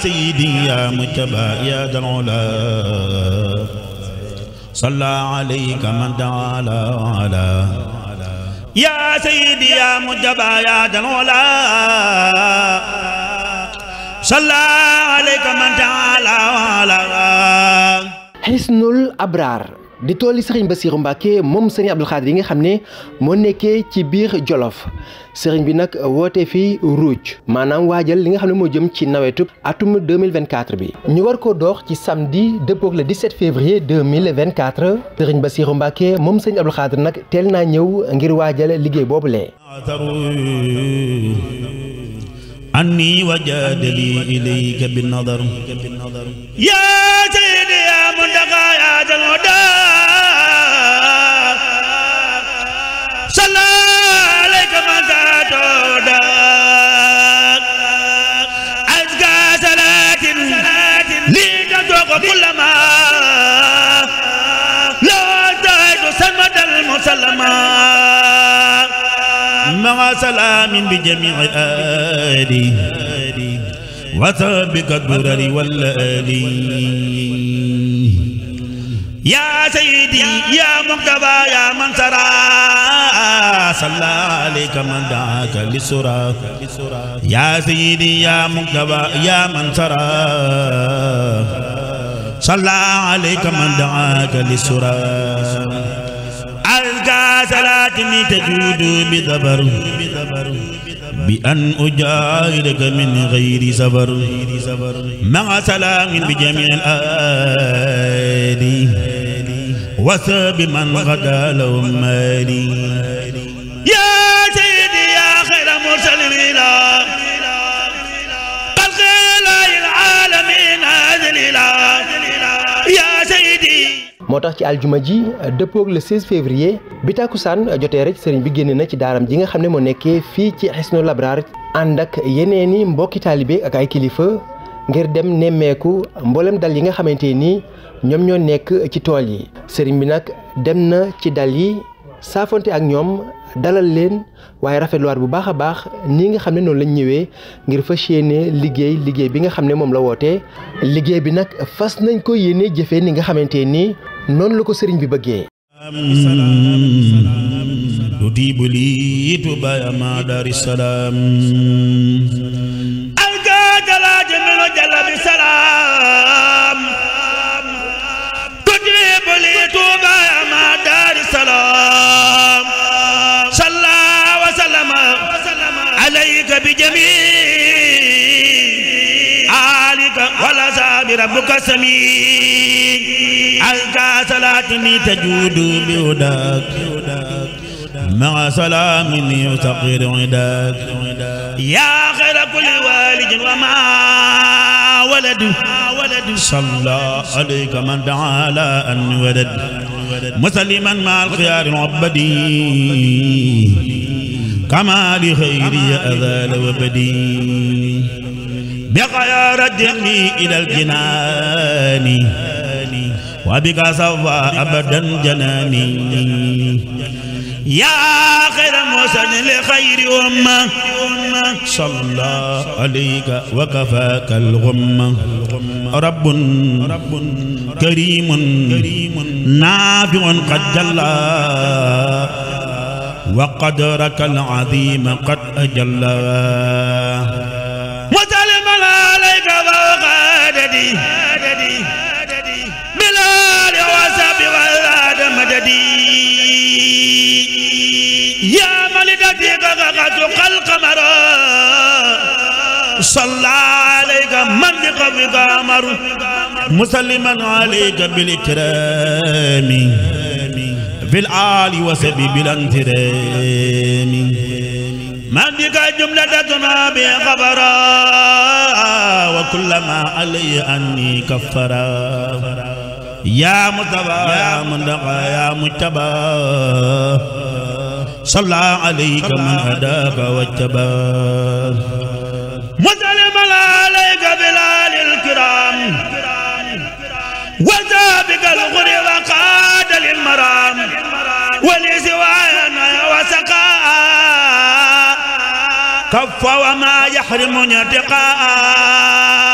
سيدي يا مجتبى يا ذا العلا صلى عليك من دعا على يا سيدي يا مجتبى يا ذا العلا صلى عليك من دعا على حسن الأبرار di tooli ba Bassirou Mbacke moom sëriñ Abdou Khadre yi nga xam ne moo nekkee ci biir Jolof sëriñ bi nag woote fii ruuj maanaam waajal li nga xam ne moo jëm ci nawetu atum 2024 bi ñu war ko doox ci samedi dëppoog le 17 février 2024 sëriñ Bassirou Mbacke moom sëriñ Abdou Khadre nag teel naa ñëw ngir waajal liggéey boobu lee anni wajadali ilayka bin nadar ya sayyidi ya muntaqa ya وكلما لا زيد سمد المسلما مع سلام بجميع الآل وثبك الدرر والآلي يا سيدي يا مقتبى يا من سرى صلى عليك من دعاك للسرى يا سيدي يا مقتبى يا من سرى صلى عليك من دعاك للسرى أزكى صلاتي تجود بذبر بأن أجاهدك من غير سبر مع سلام بجميع الآل وثاب من غدا لهم مالي moo tax ci aljuma ji euh, dëppoog le 16 février bi tàkkusaan euh, jotee rek sëriñ bi génn na ci daaram ji nga xam ne moo nekkee fii ci Hisnul Abraar ànd ak yeneen i mbokki taalibe ak ay kilifa ngir dem nemmeeku mboolem dal yi nga xamante ni ñoom ñoo nekk ci tool yi sëriñ bi nag dem na ci dal yi saafonte ak ñoom dalal leen waaye rafetluwaat bu baax a baax nii nga xam ne noonu lañ ñëwee ngir fas yéene liggéey liggéey bi nga xam ne moom la woote liggéey bi nag fas nañ ko yéene jëfee ni nga xamante ni noonu la ko sëriñ bi bëggee tutiibu lii tubaaya بجميع آلك والأصحاب ربك سميع ألقى صلاتني تجود بهداك مع سلام يسقر عداك يا خير كل والد وما ولد صلى عليك من دعا لا أن ولد مسلما مع الخيار العبدي كما لخيري أذال وبدي بقيا رجمي إلى الجنان وبك صفى أبدا جناني يا خير محسن لخير أمة صلى عليك وكفاك الغمة رب كريم نافع قد جلى وقدرك العظيم قد أجلى وسلم عليك وغاددي بلال وسب والاد مددي يا ملدتي غغت القمر صلى عليك من بقبض امر مسلما عليك بالإكرام fil aali wa sabi bilan tiraami man di ka jumlatatuna bi xabara wa kullama alayhi anni kaffara yaa mutaba yaa mundaqa yaa mujtaba salla alayka man hadaaka wajtaba ولسوانا وسقاء كف وما يحرم ارتقاء